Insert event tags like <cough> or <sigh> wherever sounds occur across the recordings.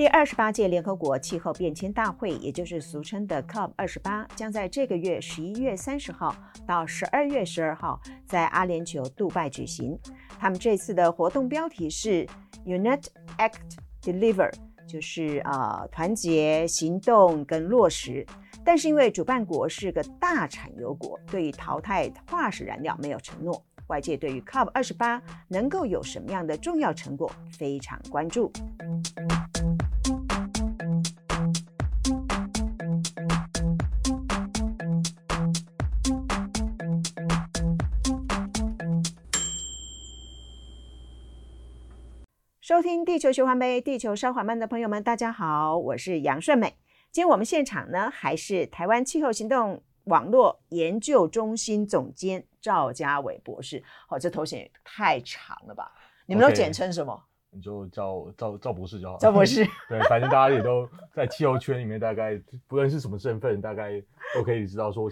第二十八屆聯合國氣候變遷大會，也就是俗稱的 COP 二十八，將在這個月十一月三十號到十二月十二號在阿聯酋杜拜舉行。他們這次的活動標題是 Unite, Act, Deliver”，就是呃團結、行動跟落實。但是因為主辦國是個大產油國，對於淘汰化石燃料沒有承諾，外界對於 COP 二十八能夠有什麼樣的重要成果非常關注。收聽《地球循環杯，地球燒緩慢》的朋友們，大家好，我是楊順美。今天我們現場呢，還是台灣氣候行動網絡研究中心總監趙家偉博士。哦，這頭銜也太長了吧？你們都簡稱什麼？Okay. 你就叫趙趙博士就好了，趙博士， <laughs> 對，反正大家也都在氣候圈裡面，大概不論是什麼身份，大概都可以知道說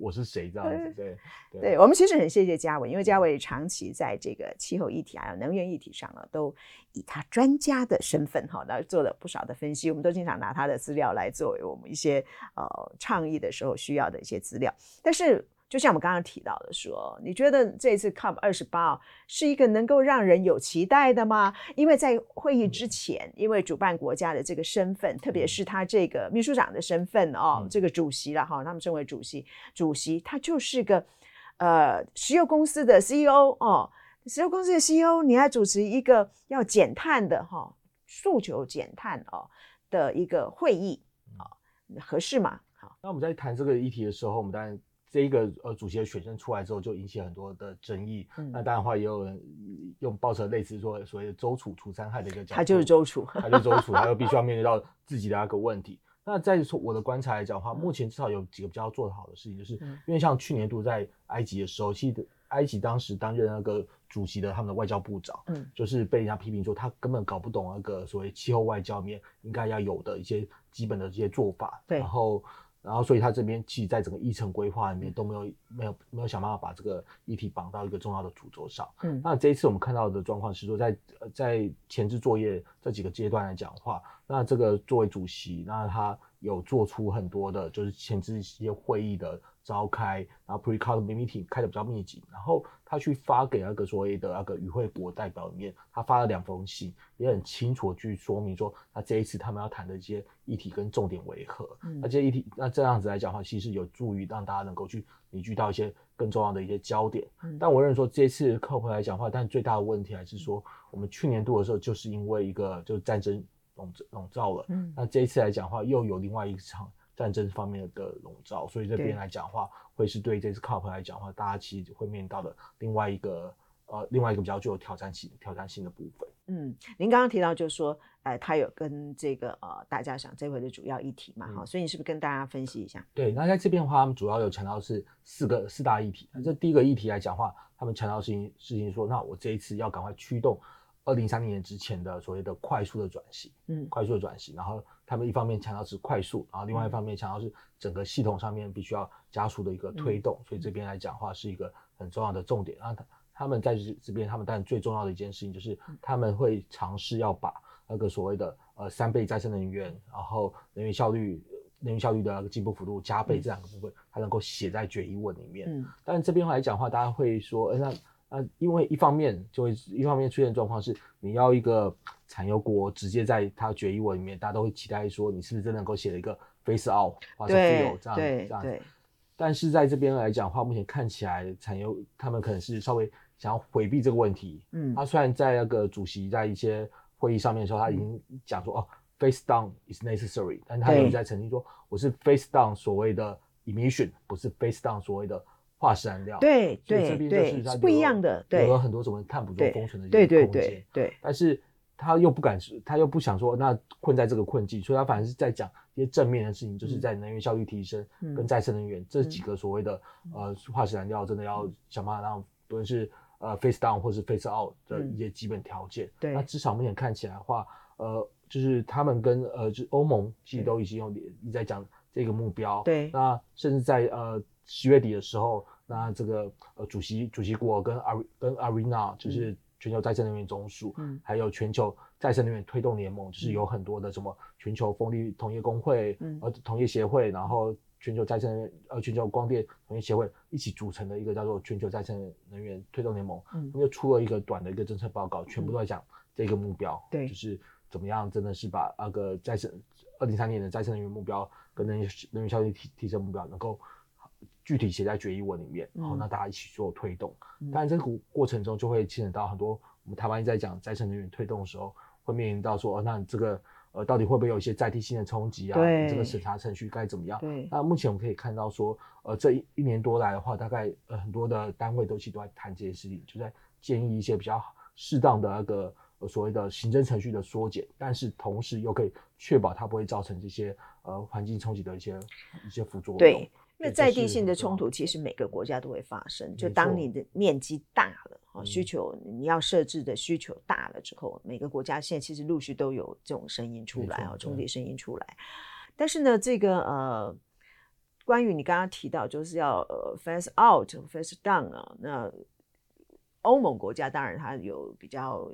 我是誰，這樣子，對對，對，對。我們其實很謝謝嘉偉，因為嘉偉長期在這個氣候議題還有、啊、能源議題上了、啊，都以他專家的身份哈，那做了不少的分析，我們都經常拿他的資料來作為我們一些呃倡議的時候需要的一些資料，但是。就像我們剛剛提到的說，說你覺得這次 COP 二十八，是一個能夠讓人有期待的嗎？因為在會議之前，嗯、因為主辦國家的這個身份，嗯、特別是他這個秘書長的身份哦，嗯、這個主席了哈、哦，他們身為主席，主席他就是個呃石油公司的 CEO 哦，石油公司的 CEO，你要主持一個要減碳的哈訴、哦、求減碳哦的一個會議啊、哦，合適嗎？嗯、好，那我們在談這個議題的時候，我們當然。這一個呃主席的選任出來之後，就引起很多的爭議。嗯、那當然話也有人用報社類似說所謂周處除三害的一個角度，他就是周處，他就是周處， <laughs> 他又必須要面對到自己的那個問題。那在從我的觀察來講的話，目前至少有幾個比較做得好的事情，就是、嗯、因為像去年度在埃及的時候，其實埃及當時擔任那個主席的他們的外交部長，嗯，就是被人家批評說他根本搞不懂那個所謂氣候外交裡面應該要有的一些基本的這些做法，對，然後。然後，所以他這邊其實在整個議程規劃裡面都沒有、沒有、沒有想辦法把這個議題綁到一個重要的主軸上。嗯，那這一次我們看到的狀況是說在，在呃在前置作業這幾個階段來講的話，那這個作為主席，那他有做出很多的，就是前置一些會議的，召開，然後 pre-COP meeting 開得比較密集，然後他去發給那個所謂的那個與會國代表裡面，他發了兩封信，也很清楚去說明說，那這一次他們要談的一些議題跟重點為何。嗯、那這些議題，那這樣子來講的話，其實有助於讓大家能夠去凝聚到一些更重要的一些焦點。嗯、但我認為說，這次 COP 來講話，但最大的問題還是說，嗯、我們去年度的時候就是因為一個就戰爭籠罩籠罩了，嗯、那這一次來講的話，又有另外一場。戰爭方面的籠罩，所以這邊來講的話，對會是對於這次 COP 來講的話，大家其實會面臨到的另外一個呃，另外一個比較具有挑戰性、挑戰性的部分。嗯，您剛剛提到就是說，哎、呃，他有跟這個呃，大家講這回的主要議題嘛，哈、嗯，所以你是不是跟大家分析一下？對，那在這邊的話，他們主要有強調是四個四大議題。那這第一個議題來講的話，他們強調事情事情說，那我這一次要趕快驅動。二零三零年之前的所謂的快速的轉型，嗯，快速的轉型，然後他們一方面強調是快速，然後另外一方面強調是整個系統上面必須要加速的一個推動，嗯、所以這邊來講話是一個很重要的重點。然他、嗯、他們在這這邊，他們當然最重要的一件事情就是他們會嘗試要把那個所謂的呃三倍再生能源，然後能源效率、能源效率的那個進步幅度加倍這兩個部分，它能夠寫在決議文裡面。嗯、但這邊來講話，大家會說，欸、那。呃、啊，因為一方面就會一方面出現狀況是，你要一個產油國直接在它，決議文裡面，大家都會期待說，你是不是真的能夠寫了一個 phase out 發出自由對這樣這樣。但是在這邊來講的話，目前看起來產油他們可能是稍微想要回避這個問題。嗯，他、啊、雖然在那個主席在一些會議上面的時候，他已經講說哦、嗯啊、phase down is necessary，但他又在澄清說對我是 phase down 所謂的 emission，不是 phase down 所謂的。化石燃料，對是對，對是不一樣的，對有了很多什麼碳捕捉封存的一些空間，對，對，對，對，對，但是他又不敢，他又不想說那困在這個困境，所以他反而是在講一些正面的事情，就是在能源效率提升跟再生能源、嗯、這幾個所謂的、嗯、呃化石燃料，真的要想辦法讓不論是呃 face down 或是 face out 的一些基本條件。嗯、對，那至少目前看起來的話，呃。就是他們跟呃，就歐盟其實都已經有對一在講這個目標。對，那甚至在呃十月底的時候，那這個呃主席主席國跟阿 AR，跟 Arena 就是全球再生能源總署，嗯、還有全球再生能源推動聯盟，嗯、就是有很多的什麼全球風力同業工會、嗯啊、同業協會，然後全球再生能源呃全球光電同業協會一起組成的一個叫做全球再生能源推動聯盟，他們、嗯、就出了一個短的一個政策報告，嗯、全部都在講這個目標。對，就是。怎麼樣？真的是把那、啊、個再生二零三零年的再生能源目標跟能源效率提提升目標，能夠具體寫在決議文裡面。好、嗯，那大家一起做推動。當然、嗯，這個過程中就會牽扯到很多。嗯、我們台灣在講再生能源推動的時候，會面臨到說，哦、那你這個呃到底會不會有一些在地性的衝擊啊？對這個審查程序該怎麼樣？對那目前我們可以看到說，呃，這一一年多來的話，大概呃很多的單位都去都在談這些事情，就在建議一些比較適當的那個。所謂的行政程序的縮減，但是同時又可以確保它不會造成這些呃環境衝擊的一些一些副作用。對，對那在地性的衝突其實每個國家都會發生。沒錯。就當你的面積大了啊，需求你要設置的需求大了之後，嗯、每個國家現在其實陸續都有這種聲音出來啊，衝擊聲音出來。但是呢，這個呃，關於你剛剛提到就是要呃 phase out、phase down 啊，那歐盟國家當然它有比較。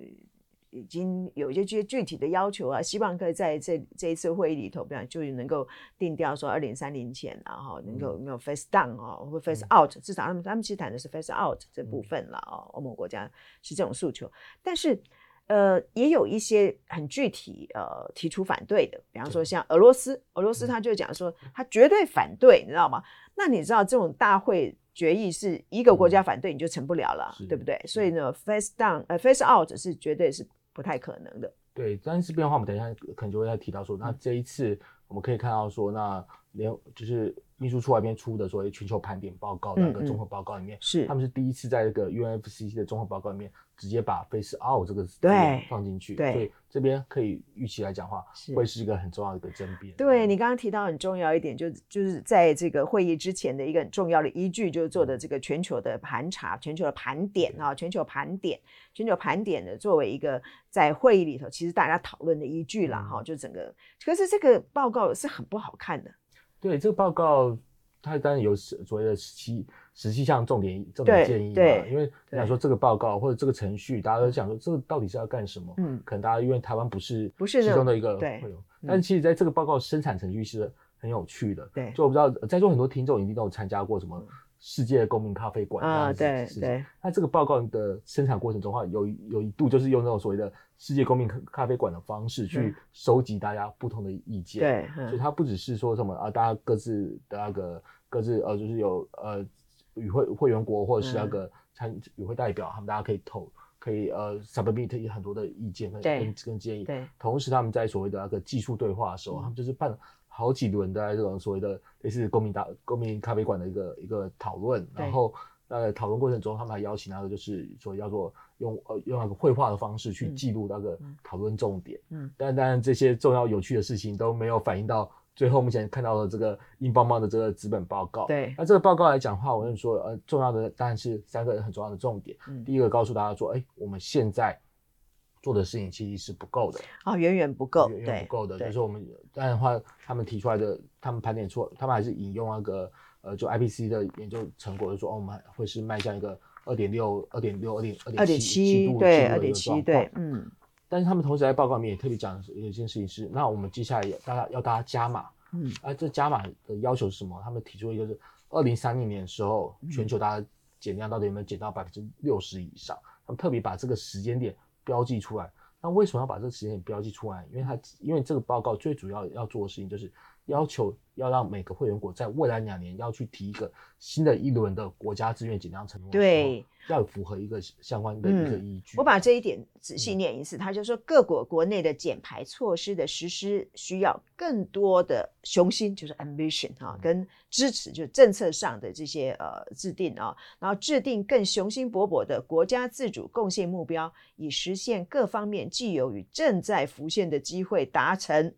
已經有一些些具體的要求啊，希望可以在這這一次會議裡頭，比方就能夠定調說二零三零前，啊，然後能夠 face down 啊，face out、嗯、至少他們他們其實談的是 face out 這部分了啊。歐盟、嗯、國家是這種訴求，但是呃也有一些很具體呃提出反對的，比方說像俄羅斯，嗯、俄羅斯他就講說他絕對反對，你知道嗎？那你知道這種大會決議是一個國家反對你就成不了了，嗯、對不對？的所以呢，face down 呃 face out 是絕對是。不太可能的，對，但是變化我們等一下可能就會再提到說，那這一次我們可以看到說，那連就是秘書處那邊出的所謂全球盤點報告的那個綜合報告裡面，嗯嗯、是他們是第一次在這個 UNFCCC 的綜合報告裡面直接把 phase out 這個字對，這個放進去，對所以這邊可以預期來講的話，會是一個很重要的一個爭辯。對、嗯、你剛剛提到很重要一點，就就是在這個會議之前的一個很重要的依據，就是做的這個全球的盤查、全球的盤點啊，對全球盤點、全球盤點的作為一個在會議裡頭，其實大家討論的依據了哈、嗯哦，就整個可是這個報告是很不好看的。對這個報告，它當然有所謂的十七、十七項重點、重點建議嘛。對，對，因為你想說這個報告或者這個程序，大家都想說這個到底是要幹什麼？嗯，可能大家因為台灣不是不是其中的一個，對，會有。但其實在這個報告生產程序是很有趣的。對、嗯，就我不知道在座很多聽眾一定都有參加過什麼。世界公民咖啡館啊、哦是，對對，那這個報告的生產過程中的話，有有一度就是用那種所謂的世界公民咖咖啡館的方式去收集大家不同的意見，對，所以它不只是說什麼啊，大家各自的那個各自，各自呃，就是有呃，與會會員國或者是那個參與會代表，他們大家可以投。可以呃，submit 有很多的意見跟對跟建議。對同時他們在所謂的那個技術對話的時候，嗯、他們就是辦好幾輪的這種所謂的類似公民大公民咖啡館的一個一個討論。對然後呃，討論過程中他們還邀請那個就是說叫做用呃用那個繪畫的方式去記錄那個討論重點。嗯。嗯但但這些重要有趣的事情都沒有反映到。最後，目前看到了這棒棒的這個硬邦邦的這個資本報告，對，那這個報告來講的話，我跟你說，呃，重要的當然是三個人很重要的重點。嗯、第一個告訴大家說，哎、欸，我們現在做的事情其實是不夠的，啊、哦，遠遠不夠，遠遠、嗯、不夠的。對就是我們，當然的話，他們提出來的，他們盤點錯，他們還是引用那個，呃，就 I P C 的研究成果，就說，哦，我們會是邁向一個二點六、二點六、二點二點七、七度的狀況，對，嗯。但是他們同時在報告裡面也特別講有一件事情是，那我們接下來也大家要大家加碼。嗯，哎、啊，這加碼的要求是什麼？他們提出一個，是二零三零年的時候，嗯、全球大家減量到底有沒有減到百分之六十以上？他們特別把這個時間點標記出來。那為什麼要把這個時間點標記出來？因為它，因為這個報告最主要要做的事情就是。要求要讓每個會員國在未來兩年要去提一個新的一輪的國家自願減量承諾。對，要符合一個相關的一個依據、嗯。我把這一點仔細念一次，他、嗯、就是說各國國內的減排措施的實施需要更多的雄心，就是 ambition、啊嗯、跟支持，就是，政策上的這些呃制定啊，然後制定更雄心勃勃的國家自主貢獻目標，以實現各方面既有與正在浮現的機會達成。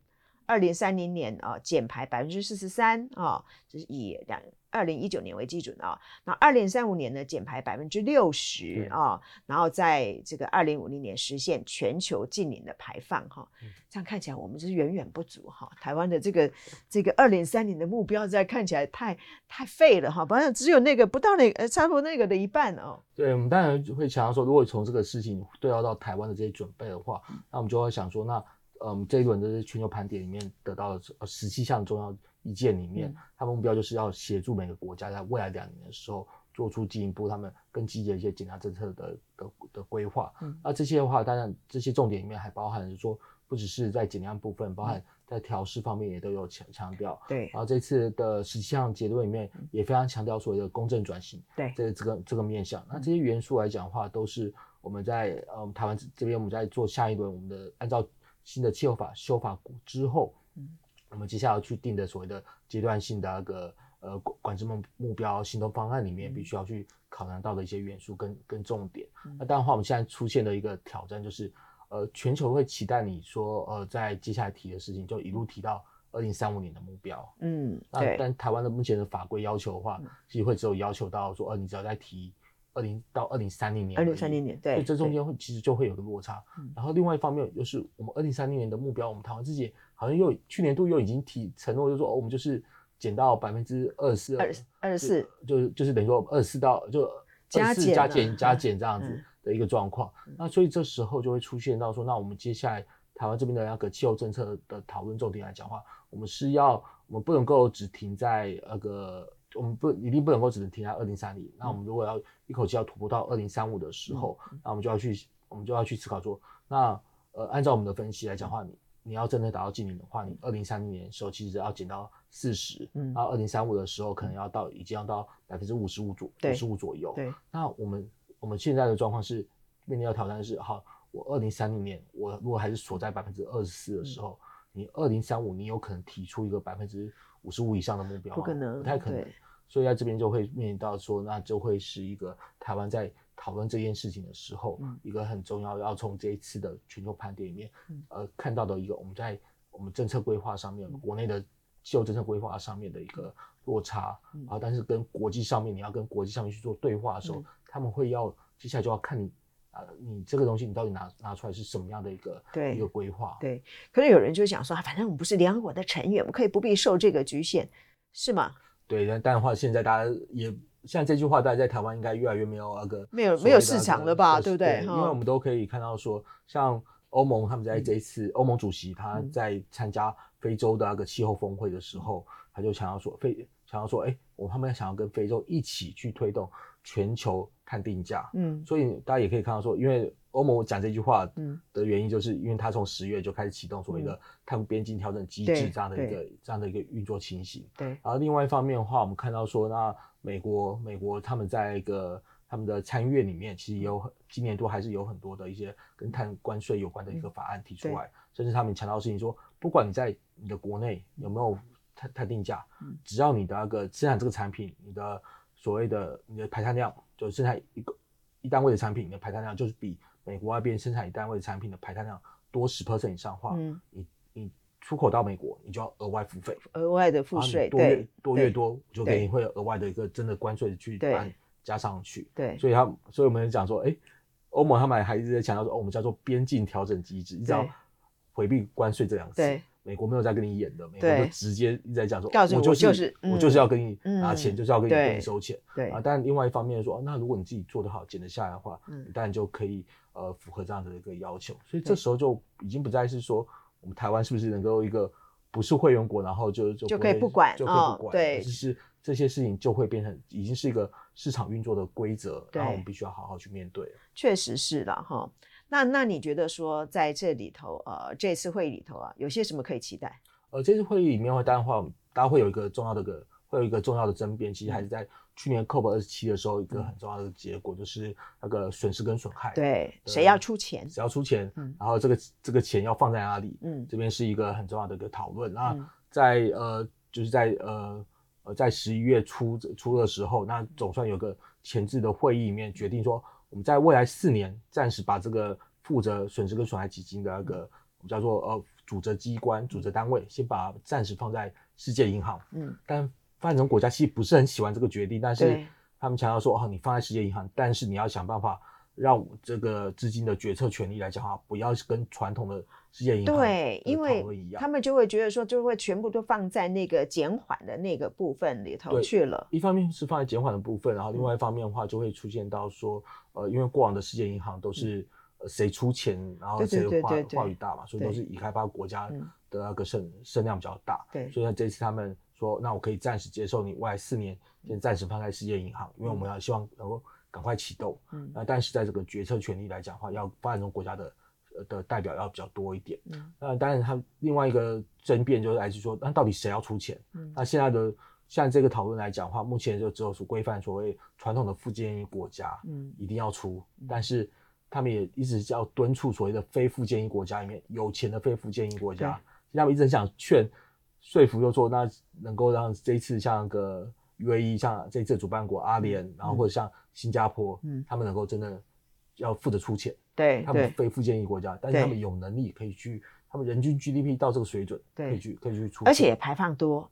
二零三零年啊、哦，減排百分之四十三啊，就是以兩二零一九年為基準啊。那二零三五年呢，減排百分之六十啊。哦嗯、然後在這個二零五零年實現全球淨零的排放哈、哦。這樣看起來我們就是遠遠不足哈、哦。台灣的這個、嗯、這個二零三零的目標在看起來太太廢了哈，好、哦、像只有那個不到那呃、個、差不多那個的一半哦。對，我們當然會強調說，如果從這個事情對要到台灣的這些準備的話，那我們就會想說那。嗯，這一輪的是全球盤點裡面得到的呃十七項重要意見裡面，嗯、他們目標就是要協助每個國家在未來兩年的時候做出進一步他們更積極的一些減量政策的的的規劃。嗯，那這些的話，當然這些重點裡面還包含是說，不只是在減量部分，包含在調適方面也都有強強調。對、嗯，然後這次的十七項結論裡面也非常強調所謂的公正轉型。對、嗯，這這個這個面向，嗯、那這些元素來講的話，都是我們在呃、嗯、台灣這邊我們在做下一輪我們的按照。新的氣候法修法股之後，嗯，我們接下來要去定的所謂的階段性的那個呃管管制目目標行動方案裡面，嗯、必須要去考量到的一些元素跟跟重點。嗯、那當然的話，我們現在出現的一個挑戰就是，呃，全球會期待你說呃在接下來提的事情，就一路提到二零三五年的目標，嗯，那但，但台灣的目前的法規要求的話，嗯、其實會只有要求到說，呃，你只要再提。二零到二零三零年，二零三零年，對，所以這中間會其實就會有個落差。對對，然後另外一方面，就是我們二零三零年的目標，嗯、我們台灣自己好像又去年度又已經提承諾，就說哦，我們就是減到百分之二四，二十四，就是就是等於說二四到就減加減加減加減這樣子的一個狀況。嗯嗯、那所以這時候就會出現到說，那我們接下來台灣這邊的那個氣候政策的討論重點來講話，我們是要我們不能夠只停在那個。我們不一定不能夠只能停在二零三零，那我們如果要一口氣要突破到二零三五的時候，嗯、那我們就要去，我們就要去思考說，那呃，按照我們的分析來講話，嗯、你你要真的達到淨零的話，你二零三零年的時候其實要減到四十，嗯，然後二零三五的時候可能要到，已經要到百分之五十五左，五十五左右，對。左右對，那我們我們現在的狀況是，面臨的挑戰的是，好，我二零三零年我如果還是鎖在百分之二十四的時候，嗯、你二零三五你有可能提出一個百分之。五十五以上的目標不可能，不太可能，對所以在這邊就會面臨到說，那就會是一個台灣在討論這件事情的時候，一個很重要要從這一次的全球盤點裡面，呃，看到的一個我們在我們政策規劃上面，國內的舊政策規劃上面的一個落差啊，但是跟國際上面，你要跟國際上面去做對話的時候，他們會要接下來就要看。啊，你這個東西你到底拿拿出來是什麼樣的一個對一個規劃？對，可是有人就想說啊，反正我們不是聯合國的成員，我們可以不必受這個局限，是嗎？對，但的話，現在大家也像這句話，大家在台灣應該越來越沒有那個、那個、沒有沒有市場了吧，對不對？對哦、因為我們都可以看到說，像歐盟他們在這一次、嗯、歐盟主席他在參加非洲的那個氣候峰會的時候，他就想要說非強調說，哎、欸，我他們想要跟非洲一起去推動。全球碳定價，嗯，所以大家也可以看到說，因為歐盟我講這句話，嗯，的原因就是因為它從十月就開始啟動所謂的碳邊境調整機制這樣的一個這樣的一個運作情形。對。然後另外一方面的話，我們看到說，那美國美國他們在一個他們的參議院裡面，其實也有今年都還是有很多的一些跟碳關稅有關的一個法案提出來，嗯、甚至他們強調的事情說，不管你在你的國內有沒有碳定價，嗯，只要你的那個生產這個產品，你的。所謂的你的排碳量，就生產一個一單位的產品，的排碳量就是比美國那邊生產一單位的產品的排碳量多十 percent 以上的話，嗯、你你出口到美國，你就要額外付費，額外的付稅，對，多越多越多，對就可能會額外的一個真的關稅去把你加上去，對，對所以他，所以我們講說，哎、欸，歐盟他們還一直在強調說，我們叫做邊境調整機制，你知道，回避關稅這兩個字。對對美國沒有在跟你演的，美國就直接一直在講說，我就是我、就是嗯、我就是要跟你拿錢，嗯、就是要跟你，跟你收錢，對，對啊。但另外一方面說、啊，那如果你自己做得好，減得下來的話，嗯，當然就可以呃符合這樣的一個要求。所以這時候就已經不再是說我們台灣是不是能夠一個不是會員國，然後就就，就可以不管，就可以不管，對、哦，是，是這些事情就會變成已經是一個市場運作的規則，對然後我們必須要好好去面對。確實是的，哈。那那你覺得說在這裡頭，呃，這次會議裡頭啊，有些什麼可以期待？呃，這次會議裡面，當然話，大家會有一個重要的個，會有一個重要的爭辯。其實還是在去年 COP 二十七的時候，一個很重要的結果，嗯、就是那個損失跟損害，嗯、對，對誰要出錢，誰要出錢，嗯、然後這個這個錢要放在哪裡？嗯，這邊是一個很重要的一個討論。嗯、那在呃，就是在呃呃在十一月初初的時候，那總算有個前置的會議裡面決定說，我們在未來四年暫時把這個負責損失跟損害基金的那個我們叫做呃組織機關、組織單位，先把暫時放在世界銀行。嗯，但發展中國家其實不是很喜歡這個決定，但是他們強調說對哦，你放在世界銀行，但是你要想辦法讓這個資金的決策權力來講哈，不要是跟傳統的世界銀行一樣對，因為他們就會覺得說就會全部都放在那個減緩的那個部分裡頭去了。一方面是放在減緩的部分，然後另外一方面的話就會出現到說。呃，因為過往的世界銀行都是，嗯、呃，誰出錢，然後誰話對對對對話語大嘛，所以都是已開發國家的那個聲聲、嗯、量比較大。對，所以那這次他們說，那我可以暫時接受你未來四年，先暫時放在世界銀行，嗯、因為我們要希望能夠趕快啟動。嗯，那、呃、但是在這個決策權力來講的話，要發展中國家的呃的代表要比較多一點。嗯，那當然他另外一個爭辯就是來自說，那到底誰要出錢？嗯，那現在的。像這個討論來講的話，目前就只有說規範所謂傳統的附件一國家，嗯，一定要出，嗯、但是他們也一直叫敦促所謂的非附件一國家裡面有錢的非附件一國家，對他們一直想勸說服，就說，那能夠讓這一次像個 UAE，像這次主辦國阿聯，嗯、然後或者像新加坡，嗯，他們能夠真的要負責出錢，對他們非附件一國家，對但是他們有能力可以去，他們人均 G D P 到這個水準，對，可以去對可以去出而且排放多，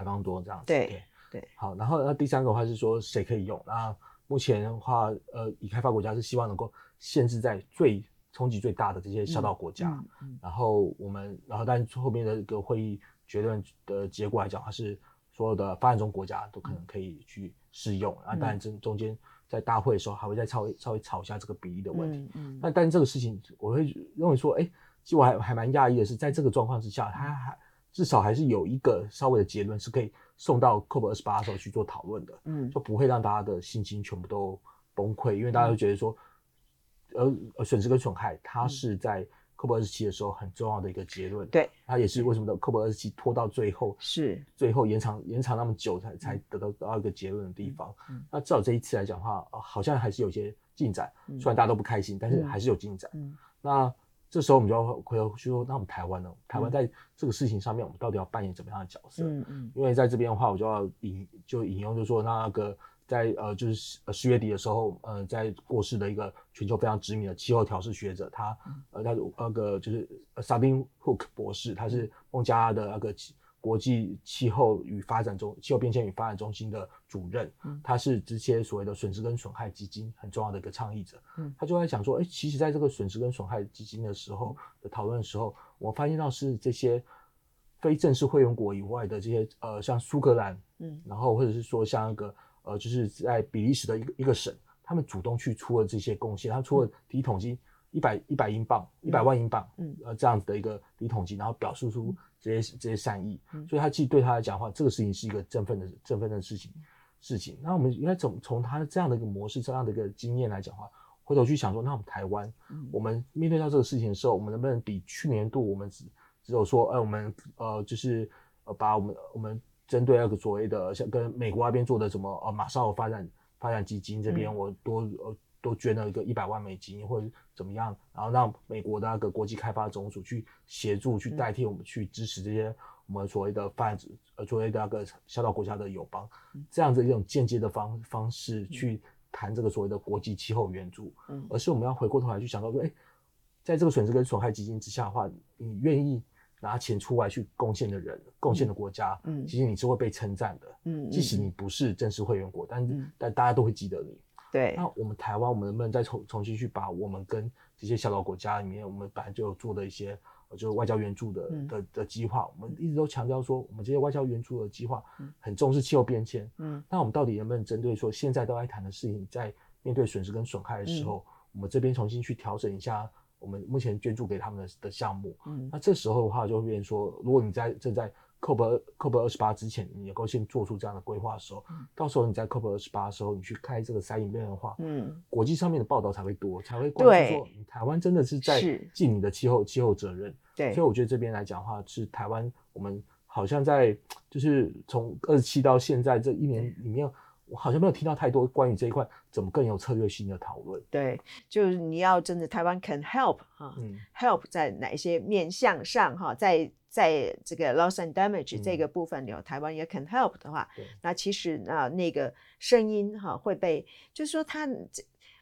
才更多這樣子，對對，好。然後那第三個的話是說誰可以用？那目前的話，呃，已開發國家是希望能夠限制在最衝擊最大的這些小島國家。嗯嗯、然後我們，然後但後面的一個會議結論的結果來講，它是所有的發展中國家都可能可以去適用。啊當、嗯、然這中間在大會的時候還會再稍微稍微吵一下這個比例的問題。那、嗯嗯、但，但這個事情我會認為說，哎、欸，其實我還還蠻訝異的是，在這個狀況之下，嗯、它還。至少還是有一個稍微的結論是可以送到 COP 二十八的時候去做討論的，嗯，就不會讓大家的信心全部都崩潰，因為大家都覺得說，呃、嗯，損失跟損害，它是在 COP 二十七的時候很重要的一個結論，對、嗯，它也是為什麼呢 COP 二十七拖到最後是對最後延長延長那麼久才才得到到一個結論的地方，嗯嗯、那至少這一次來講的話，呃、好像還是有些進展，嗯、雖然大家都不開心，但是還是有進展，嗯，那。這時候我們就要回頭去說，那我們台灣呢？台灣在這個事情上面，我們到底要扮演什麼樣的角色？嗯嗯、因為在這邊的話，我就要引就引用就是說，就說那個在呃就是呃十月底的時候，呃，在過世的一個全球非常知名的氣候調適學者，他、嗯、呃那個那個就是 Sabine Hook 博士，他是孟加拉的那個。國際氣候與發展中氣候變遷與發展中心的主任，嗯、他是這些所謂的損失跟損害基金很重要的一個倡議者。嗯，他就在想說，哎、欸，其實在這個損失跟損害基金的時候、嗯、的討論的時候，我發現到是這些非正式會員國以外的這些呃，像蘇格蘭，嗯，然後或者是說像一個呃，就是在比利時的一個一個省，他們主動去出了這些貢獻，他出了第一桶金。一百一百英鎊，一百萬英鎊，嗯嗯、呃，這樣子的一個理統計，然後表述出這些、嗯、這些善意，所以他其實對他來講的話，這個事情是一個振奮的振奮的事情事情。那我們應該怎麼從他這樣的一個模式，這樣的一個經驗來講的話，回頭去想說，那我們台灣，嗯、我們面對到這個事情的時候，我們能不能比去年度我們只,只有說，哎、呃，我們呃就是呃把我們我們針對那個所謂的像跟美國那邊做的什麼呃馬紹爾發展發展基金這邊、嗯、我多呃。都捐了一個一百萬美金或者怎麼樣，然後讓美國的那個國際開發總署去協助，嗯、去代替我們去支持這些我們所謂的發展呃，所謂的那個小島國家的友邦，嗯、這樣子一種間接的方方式去談這個所謂的國際氣候援助。嗯，而是我們要回過頭來去想到說，哎、嗯，在這個損失跟損害基金之下的話，你願意拿錢出來去貢獻的人，嗯、貢獻的國家，嗯，其實你是會被稱讚的，嗯，即使你不是正式會員國，嗯、但、嗯、但大家都會記得你。對，那我們台灣，我們能不能再重重新去把我們跟這些小島國家裡面，我們本來就有做的一些，就是外交援助的、嗯、的的計劃，我們一直都強調說，我們這些外交援助的計劃，很重視氣候變遷。嗯，那我們到底能不能針對說現在都在談的事情，在面對損失跟損害的時候，嗯、我們這邊重新去調整一下我們目前捐助給他們的的項目？嗯、那這時候的話，就會變成說，如果你在正在 COP 二 COP 二十八之前，你能夠先做出這樣的規劃的時候，嗯、到時候你在 COP 二十八的時候，你去開這個三影面的話，嗯，國際上面的報道才會多，才會廣。對，台灣真的是在盡你的氣候氣是候責任。對，所以我覺得這邊來講的話，是台灣我們好像在就是從二十七到現在這一年裡面，嗯、我好像沒有聽到太多關於這一塊怎麼更有策略性的討論。對，就是你要真的台灣 can help 哈、啊嗯、，help 在哪一些面向上哈、啊，在。在這個 loss and damage 這個部分裡，嗯、台灣也 can help 的話，對那其實啊，那個聲音哈會被，就是說它這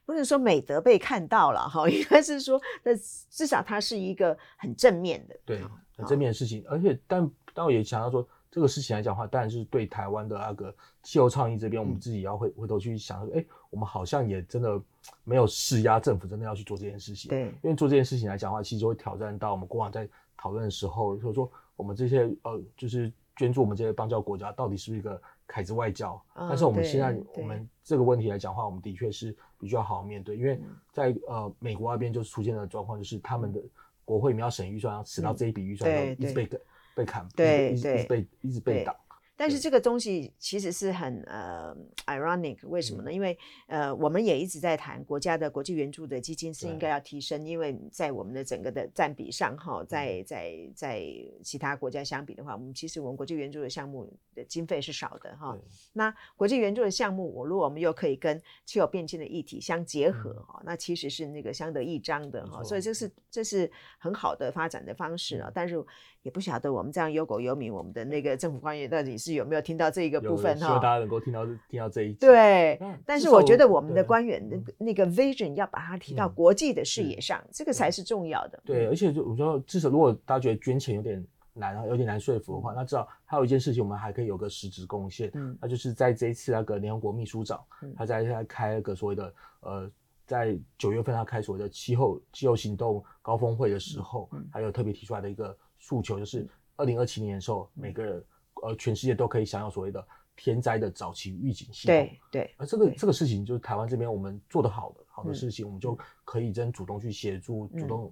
不是說美德被看到了哈，應該是說那至少它是一個很正面的，對，很好正面的事情。而且，但但我也想到說，這個事情來講的話，當然就是對台灣的那個氣候倡議這邊，我們自己要回、嗯、回頭去想，哎、欸，我們好像也真的沒有施壓政府，真的要去做這件事情，對，因為做這件事情來講的話，其實會挑戰到我們過往在。討論的時候，就說我們這些呃，就是捐助我們這些邦交國家，到底是不是一個凱子外交？啊、但是我們現在對我們這個問題來講話，我們的確是比較好面對，因為在呃美國那邊就出現的狀況，就是他們的國會要審預算，要遲到這一筆預算要、嗯、一直被對被砍，對被一直對一直被一直被打。但是這個東西其實是很對呃 ironic，為什麼呢？嗯、因為呃我們也一直在談國家的國際援助的基金是應該要提升，對因為在我們的整個的佔比上哈，在在在其他國家相比的話，我們其實我們國際援助的項目的經費是少的哈。對那國際援助的項目，我如果我們又可以跟氣候變遷的議題相結合哈、嗯，那其實是那個相得益彰的哈錯，所以這是這是很好的發展的方式了。嗯、但是。也不曉得我們這樣憂國憂民，我們的那個政府官員到底是有沒有聽到這一個部分呢？希望大家能夠聽到聽到這一句。嗯、但是我覺得我們的官員的那個 vision、嗯、要把它提到國際的視野上，嗯嗯、這個才是重要的。對，而且就，我覺得至少如果大家覺得捐錢有點難、啊，有點難說服的話，那至少還有一件事情，我們還可以有個實質貢獻。嗯，那就是在這一次那個聯合國秘書長他在,在開那個所謂的呃，在九月份他開所謂的氣候氣候行動高峰會的時候，嗯、還有特別提出來的一個。訴求就是二零二七年的時候，每個人呃全世界都可以享有所謂的天災的早期預警系統。對對。而這個這個事情，就是台灣這邊我們做得好的好的事情，我們就可以真主動去協助，主動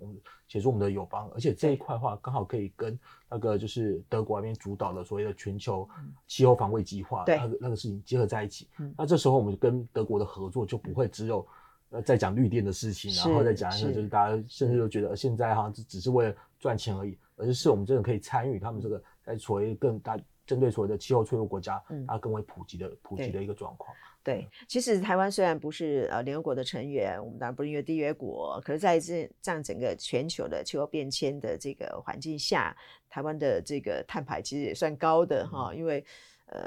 協助我們的友邦。而且這一塊的話，剛好可以跟那個就是德國那邊主導的所謂的全球氣候防衛計劃，那個那個事情結合在一起。那這時候，我們跟德國的合作就不會只有呃在講綠電的事情，然後再講一個就是大家甚至都覺得現在哈，只是為了賺錢而已。而是我們真的可以參與他們這個在所謂更大針對所謂的氣候脆弱國家，嗯啊更為普及的普及的一個狀況，嗯。對，對嗯，其實台灣雖然不是呃聯合國的成員，我們當然不是一個締約國，可是在這這樣整個全球的氣候變遷的這個環境下，台灣的這個碳排其實也算高的哈，嗯，因為。呃，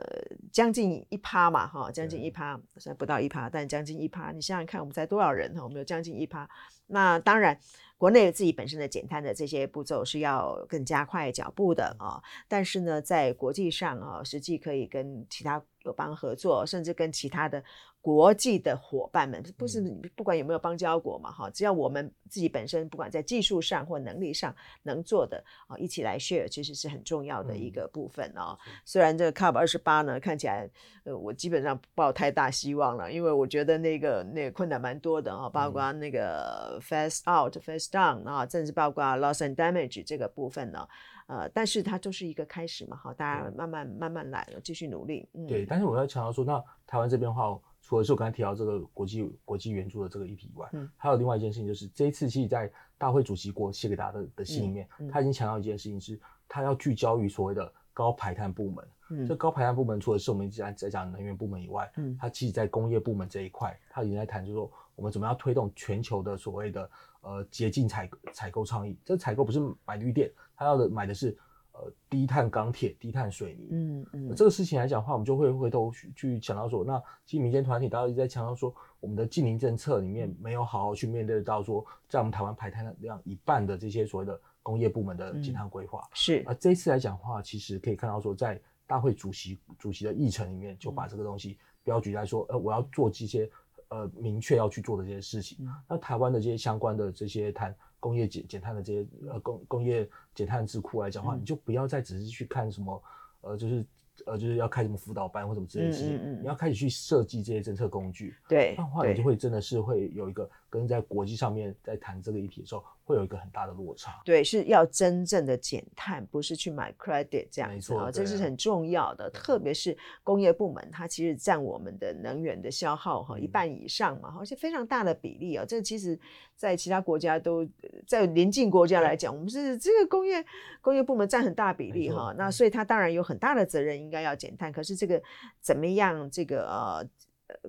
將近一趴嘛，哈，將近一趴，雖然不到一趴，但將近一趴。你想想看，我們才多少人哈？我們有將近一趴。那當然，國內自己本身的減碳的這些步驟是要更加快腳步的啊。但是呢，在國際上啊，實際可以跟其他友邦合作，甚至跟其他的。國際的夥伴們，不是不管有沒有邦交國嘛，哈、嗯，只要我們自己本身，不管在技術上或能力上能做的啊，一起來 share，其實是很重要的一個部分哦。嗯、雖然這個 COP 二十八呢，看起來呃，我基本上不抱太大希望了，因為我覺得那個那個困難蠻多的哈，包括那個 phase out、嗯、phase down 啊，甚至包括 loss and damage 這個部分呢，呃，但是它就是一個開始嘛，哈，大家慢慢、嗯、慢慢來，繼續努力。嗯、對，但是我要強調說，那台灣這邊的話。除了是我剛才提到這個國際、國際援助的這個議題以外，嗯、還有另外一件事情，就是這一次其實，在大會主席國寫給大家的的信裡面，嗯嗯、他已經強調一件事情是，是他要聚焦於所謂的高排碳部門。嗯、這高排碳部門除了是我們之前在講能源部門以外，嗯、他其實，在工業部門這一塊，他已經在談就是，就說我們怎麼樣推動全球的所謂的呃潔淨採採購倡議。這採購不是買綠電，他要的買的是，呃，低碳鋼鐵、低碳水泥，嗯嗯，嗯這個事情來講的話，我們就會回頭去去強調說，那其實民間團體大家一直在強調說，我們的淨零政策裡面沒有好好去面對到說，在、嗯、我們台灣排碳量一半的這些所謂的工業部門的淨碳規劃、嗯。是，那這一次來講的話，其實可以看到說，在大會主席主席的議程裡面，就把這個東西標舉來說，嗯、呃，我要做這些呃明確要去做的這些事情。嗯、那台灣的這些相關的這些碳。工業減減碳的這些呃工工業減碳智庫來講的話，嗯、你就不要再只是去看什麼呃就是呃就是要開什麼輔導班或什麼之類的事情，嗯嗯、你要開始去設計這些政策工具，對，這樣的話你就會真的是會有一個跟對在國際上面在談這個議題的時候。會有一個很大的落差。對，是要真正的減碳，不是去買 credit 這樣子啊錯、哦，這是很重要的。啊、特別是工業部門，它其實占我們的能源的消耗哈、嗯、一半以上嘛，而且非常大的比例啊、哦。這其實在其他國家都在鄰近國家來講，對我們是這個工業工業部門占很大的比例哈。錯哦、那所以它當然有很大的責任，應該要減碳。可是這個怎麼樣？這個呃。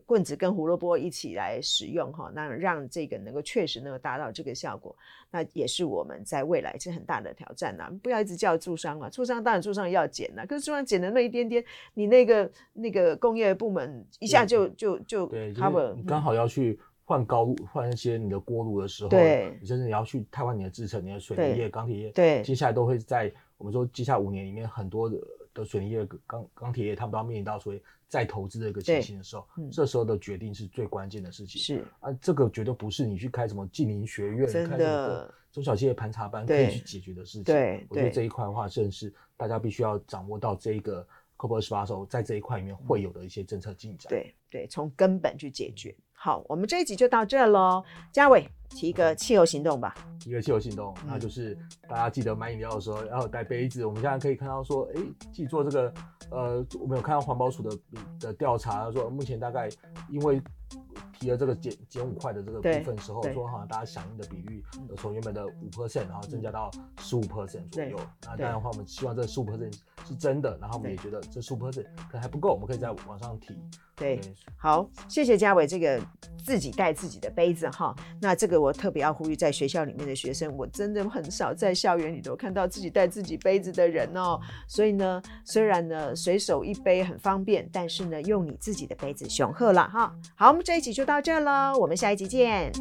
棍子跟胡蘿蔔一起來使用哈，那讓這個能夠確實能夠達到這個效果，那也是我們在未來是很大的挑戰吶、啊。不要一直叫住商嘛，住商當然住商要減、啊、可是住商減的那一點點，你那個那個工業部門一下就對就就他們剛好要去換高換、嗯、一些你的鍋爐的時候，對你甚至也要去替換你的製程、你的水泥業、鋼鐵業。對，鐵對接下來都會在我們說接下來五年裡面很多的。的水泥業，鋼鋼鐵業，他們都要面臨到所以再投資的一個情形的時候，嗯、這時候的決定是最關鍵的事情。是啊，這個絕對不是你去開什麼淨零學院、的開什麼中小企業盤查班可以去解決的事情。對，對我覺得這一塊的話，正是大家必須要掌握到這一個 COP28 在這一塊裡面會有的一些政策進展。對對，從根本去解決。嗯好，我們這一集就到這嘍。嘉偉，提一個氣候行動吧。一個氣候行動，嗯、那就是大家記得買飲料的時候要帶杯子。我們現在可以看到說，哎、欸，自己做這個，呃，我們有看到環保署的的調查他說，目前大概因為。提了這個減減五塊的這個部分時候，說好像大家響應的比率從原本的五 percent，嗯、然後增加到十五 percent 左右。那當然的話，我們希望這十五 percent 是真的，對然後我們也覺得這十五 percent 可能還，對還不夠，我們可以再往上提。對，對對好，謝謝嘉偉，這個自己帶自己的杯子哈。那這個我特別要呼籲在學校裡面的學生，我真的很少在校園裡頭看到自己帶自己杯子的人哦。嗯、所以呢，雖然呢隨手一杯很方便，但是呢用你自己的杯子，熊喝了哈。好，我們這一集就到。到這嘍，我們下一集見。